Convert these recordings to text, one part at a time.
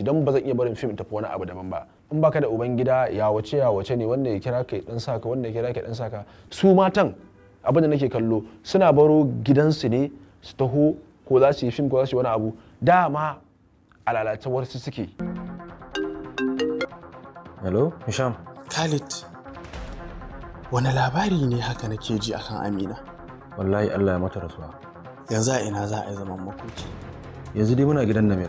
idan ba zan iya barin fim tafi wani abu daban ba in baka da uban gida ya wace ya wace ne wanda ya kira ka dan saka wanda ya kira ka dan saka su matan abin da nake kallo suna baro gidansu ne su taho ko za su yi fim ko za su yi wani abu dama a su suke hello misham khalid wani labari ne haka nake ji akan amina wallahi allah ya mata rasuwa yanzu a ina za a yi zaman makoki yanzu dai muna gidan namir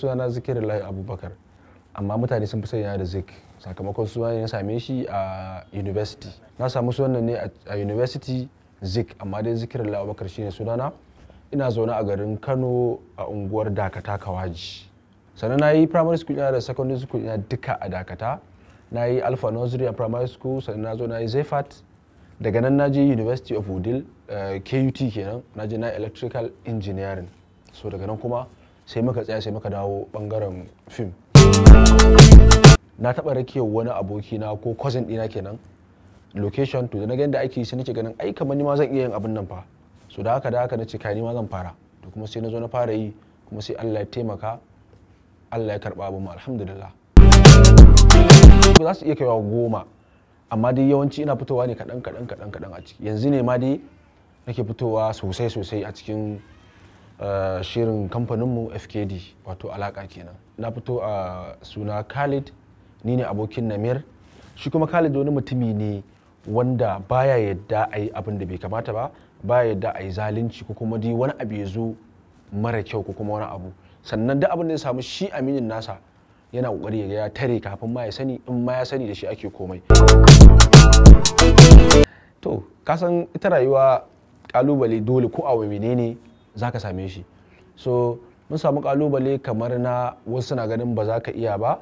sunana zikirillahi abubakar amma mutane sun fi sanya da zik sakamakon suna ya same shi a university na samu sunan ne a university zik amma dai zikirillahi abubakar shine sunana ina zaune a garin kano a unguwar dakata kawaji sannan na yi primary school ina da secondary school ina duka a dakata na yi alpha nursery a primary school sannan na zo na yi zefat daga nan na je university of udil eh, kut kenan na je na electrical engineering so daga nan kuma sai muka tsaya sai muka dawo bangaren fim na taba rakiyar wani aboki na ko cousin ɗina kenan location to da na da ake sai nake ganin ai kamar ni ma zan iya yin abin nan fa so da haka da haka nace kai ni ma zan fara to kuma sai na zo na fara yi kuma sai Allah ya taimaka Allah ya karba abin mu alhamdulillah ba za su iya kaiwa goma amma dai yawanci ina fitowa ne kaɗan kaɗan kaɗan kaɗan a ciki yanzu ne ma dai nake fitowa sosai sosai a cikin eh, shirin kamfaninmu fkd wato alaka kenan na fito a suna khalid ni ne abokin namir shi kuma khalid wani mutumi ne wanda baya yadda a yi abin da bai kamata ba baya yadda a yi zalunci ko kuma dai wani abu ya zo mara kyau ko kuma wani abu sannan da abin da ya samu shi aminin nasa yana kokari ya ya tare kafin ma ya sani in ma ya sani da shi ake komai to kasan ita rayuwa kalubale dole ko a za zaka same shi so mun samu kalubale kamar na wasu na ganin ba za ka iya ba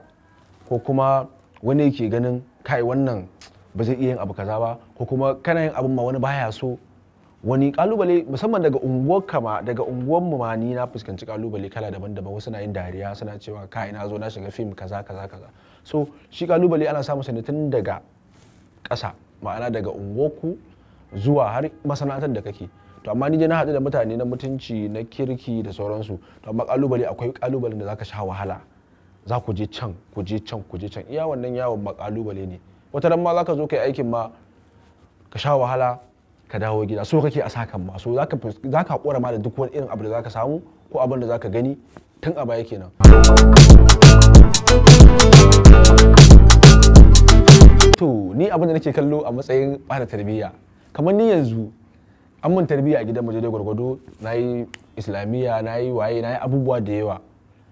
ko kuma wani ke ganin kai wannan ba zai iya yin abu kaza ba ko kuma kana yin abun ma wani baya so wani kalubale musamman daga unguwar kama daga unguwar mu ma na fuskanci kalubale kala daban-daban wasu na yin dariya suna cewa ka ina zo na shiga fim kaza kaza kaza so shi kalubale ana samu sani tun daga ƙasa ma'ana daga unguwarku zuwa har masana'antar da kake to amma ni je na haɗu da mutane na mutunci na kirki da sauransu to amma kalubale akwai kalubalen da zaka sha wahala za ku je can ku je can ku je can iya wannan yawon ba kalubale ne wata ran ma zaka zo kai aikin ma ka sha wahala ka dawo gida so kake a sakan ma so zaka ka hakura ma da duk wani irin abu da ka samu ko abin da zaka gani tun a baya kenan to ni abin da nake kallo a matsayin bada tarbiyya kamar ni yanzu an mun tarbiyya a gidan majalai gwargwado na yi islamiyya na yi waye na yi abubuwa da yawa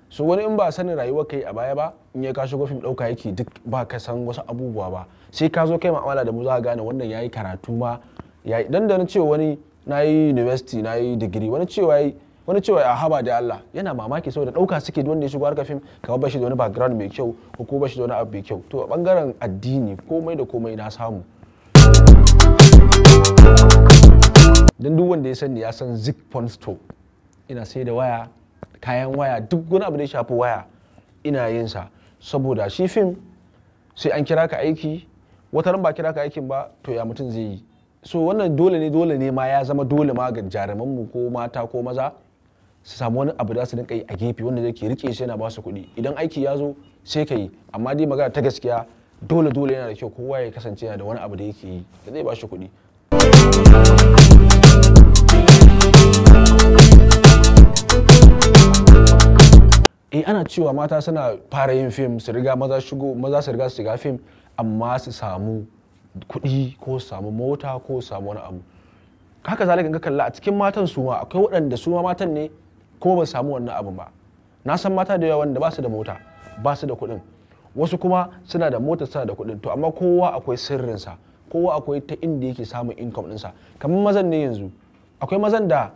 so wani in ba sanin rayuwar kai a baya ba in ya kashe gwafin ɗauka yake duk ba ka san wasu abubuwa ba sai ka zo kai ma'amala da mu za a gane wannan ya yi karatu ma ya dan da na ce wani na yi university na yi digiri wani cewa wani cewa a haba da Allah yana mamaki saboda ɗauka suke wanda ya shigo harkar fim kamar bashi da wani background mai kyau ko ko bashi da wani abu mai kyau to a bangaren addini komai da komai na samu don duk wanda ya sani ya san zik store ina sai da waya kayan waya duk wani abu da ya shafi waya ina yin sa saboda shi fim sai an kira ka aiki wata ran ba kira ka aikin ba to ya mutum zai yi so wannan dole ne dole ne ma ya zama dole ma ga jaruman mu ko mata ko maza su samu wani abu da su dinka yi a gefe wanda zai ke rike shi yana ba su kuɗi idan aiki ya zo sai ka yi amma dai magana ta gaskiya dole dole yana da kyau kowa ya kasance yana da wani abu da yake yi da zai ba shi kuɗi eh ana cewa mata suna fara yin fim su riga maza shigo maza su riga su shiga fim amma su samu kuɗi ko samu mota ko samu wani abu haka zalika ka kalla a cikin matan su ma akwai waɗanda su ma matan ne ko ba samu wannan abu ba na san mata da yawa wanda ba su da mota ba su da kuɗin wasu kuma suna da mota suna da kuɗin to amma kowa akwai sirrinsa kowa akwai ta inda yake samun income ɗinsa kamar mazan ne yanzu akwai mazan da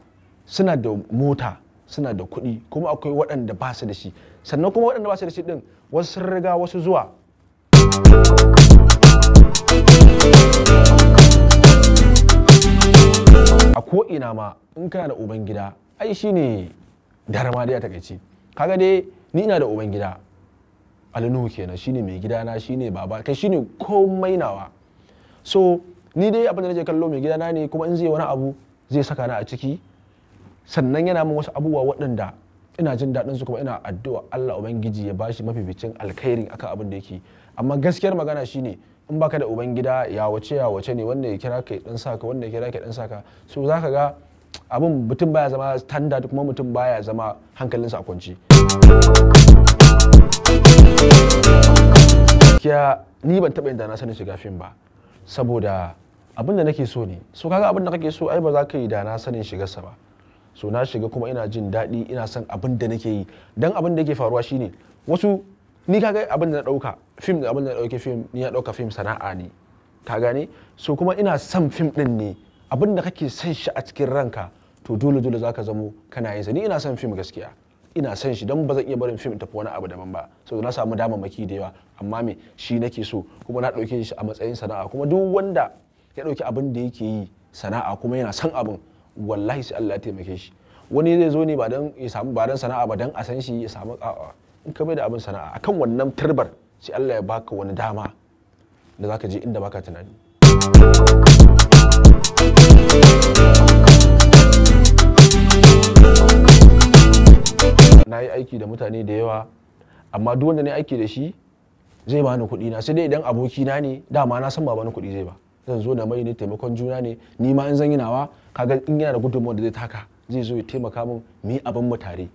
suna da mota suna da kuɗi kuma akwai waɗanda ba su da shi sannan kuma waɗanda ba su da shi ɗin wasu sun riga wasu zuwa a ko ina ma in kana da uban gida ai shine darama dai a takaice kaga dai ni ina da uban gida alinuhu kenan shine mai gidana shine baba kai shine komai nawa so ni dai abin da nake kallo mai gidana ne kuma in zai wani abu zai saka na a ciki sannan yana min wasu abubuwa waɗanda ina jin daɗin su kuma ina addu'a Allah ubangiji ya bashi mafificin alkhairin akan abin da yake amma gaskiyar magana shine in baka da uban gida ya wace ya wace ne wanda ya kira ka dan saka wanda ya kira ka dan saka so zaka ga abin mutum baya zama standard kuma mutum baya zama hankalinsa a kwanci kiya ni ban taba yadda na sani shiga fim ba saboda abin da nake so ne so kaga abin da kake so ai ba za ka yi da na sanin sa ba so na shiga kuma ina jin daɗi ina son abin da nake yi dan abin da yake faruwa shine wasu ni kaga abin da na dauka film da abin da na dauke film ni ya dauka film sana'a ne ka gane so kuma ina son fim din ne abin da kake son shi a cikin ranka to dole dole zaka zamo kana yin sa ni ina son fim gaskiya ina son shi don ba zan iya barin fim tafi wani abu daban ba so na samu maki da yawa amma me shi nake so kuma na dauke shi a matsayin sana'a kuma duk wanda ya ɗauki abin da yake yi sana'a kuma yana son abin wallahi sai Allah ya taimake shi wani zai zo ne ba don ya samu ba don sana'a ba don a san shi ya samu a'a in ka mai da abin sana'a akan wannan turbar sai Allah ya baka wani dama da zaka je inda baka tunani na yi aiki da mutane da yawa amma duk wanda ne aiki da shi zai bani kuɗi na sai dai idan aboki na ne dama na san ba bani kuɗi zai ba zan zo da mai ne taimakon juna ne ni ma in zan yi nawa kaga in yana da gudunmawar da zai taka zai zo ya taimaka min mu yi abin mu tare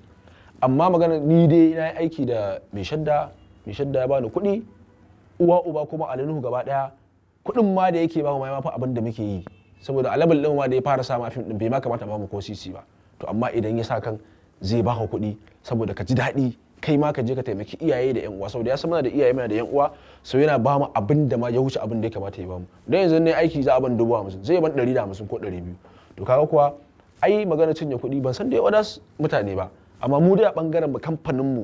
amma magana ni dai na yi aiki da mai shadda mai shadda ya bani kuɗi uwa uba kuma alinuhu gaba ɗaya kuɗin ma da yake ba mu ma abin da muke yi saboda alabal ɗin ma da ya fara sa mafi fim ɗin bai ma kamata ba mu ko sisi ba to amma idan ya sa kan zai baka kuɗi saboda ka ji daɗi kai ma ka je ka taimaki iyaye da yan uwa saboda ya san muna da iyaye muna da yan uwa so yana ba mu abin da ma ya wuce abin da ya kamata ya ba mu dan yanzu ne aiki za a ban dubu hamsin zai ban ɗari da hamsin ko ɗari biyu to kaga kuwa ai magana cinye kuɗi ban san da ya wadas mutane ba amma mu dai a bangaren mu kamfanin mu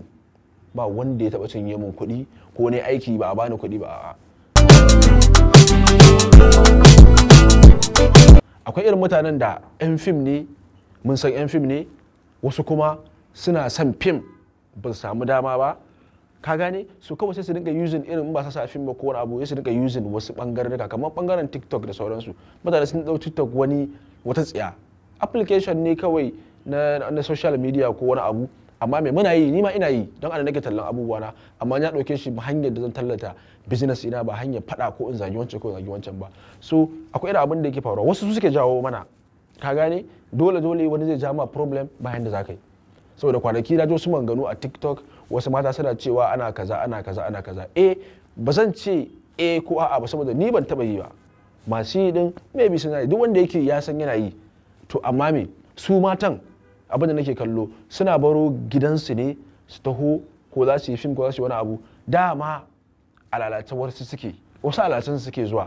ba wanda ya taba cinye mun kuɗi ko ne aiki ba a bani kuɗi ba a'a akwai irin mutanen da 'yan fim ne mun san 'yan fim ne wasu kuma suna son fim ba su samu dama ba ka gane su kawai sai su dinga using irin ba sa sa fim ba ko wani abu sai su dinga using wasu bangarnuka kamar bangaren tiktok da sauransu mutane sun dau tiktok wani wata tsiya application ne kawai na social media ko wani abu amma mai muna yi ni ma ina yi don ana nake tallan abubuwa na amma ya dauke shi hanyar da zan tallata business ina ba hanyar faɗa ko in zagi wancan ko in zagi wancan ba so akwai irin abin da yake faruwa wasu suke jawo mana ka gane dole dole wani zai ja ma problem bayan da ka yi saboda kwanaki na jo wasu manganu a tiktok wasu mata suna cewa ana kaza ana kaza ana kaza eh ba zan ce eh ko a'a ba saboda ni ban taba yi ba masu yi din maybe suna yi duk wanda yake yasan yana yi to amma me su matan abin da nake kallo suna baro gidansu ne su taho ko za su yi fim ko za su yi wani abu dama alalatawar wasu suke wasu alalatan suke zuwa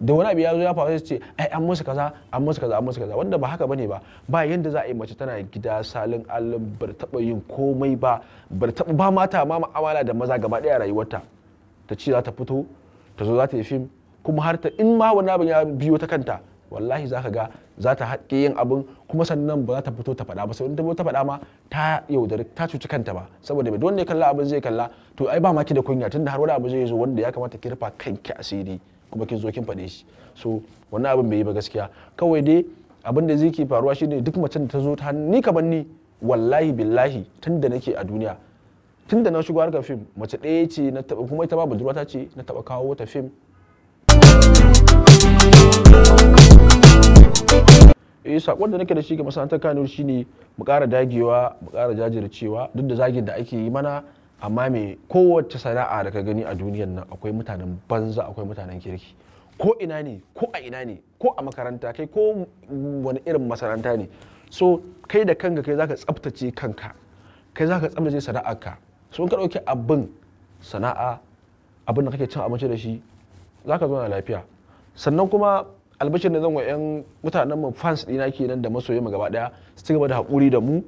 da wani abu ya zo ya faru sai ce ai an musu kaza an musu kaza an musu kaza wanda ba haka bane ba ba yanda za a yi mace tana gida salin allin bar taba yin komai ba bar taba ba mata ma ma'amala da maza gaba daya rayuwarta ta ce za ta fito ta zo za ta yi fim kuma har ta in ma wani abin ya biyo ta kanta wallahi za ka ga za ta haƙƙi yin abin kuma sannan ba za ta fito ta faɗa ba sai ta ta faɗa ma ta yaudari ta cuci kanta ba saboda mai don ne kalla abin zai kalla to ai ba ma ki da kunya tunda har wani abu zai zo wanda ya kamata ki rufa kanki asiri kuma kin zo kin faɗe shi so wannan abin bai yi ba gaskiya kawai dai abin da zai ke faruwa shine duk macen da ta zo ta ni kamar ni wallahi billahi tunda nake a duniya tunda na shigo harkar fim mace ɗaya ce na taɓa kuma ita ba budurwa ta ce na taɓa kawo wata fim eh sakon da nake da shi ga masana'antar Kano shine mu ƙara dagewa mu ƙara jajircewa duk da zagin da ake yi mana amma me kowace sana'a da ka gani a duniyar nan akwai mutanen banza akwai mutanen kirki ko ina ne ko a ina ne ko a makaranta kai ko wani irin masana'anta ne so kai da kanka kai zaka tsaftace kanka kai zaka tsaftace sana'arka so in ka dauki abin sana'a abin da kake cin abinci da shi zaka zo na lafiya sannan kuma Albashin da zan wa 'yan mutanen mu fans ɗina kenan da masoyi mu gaba ɗaya su ci gaba da haƙuri da mu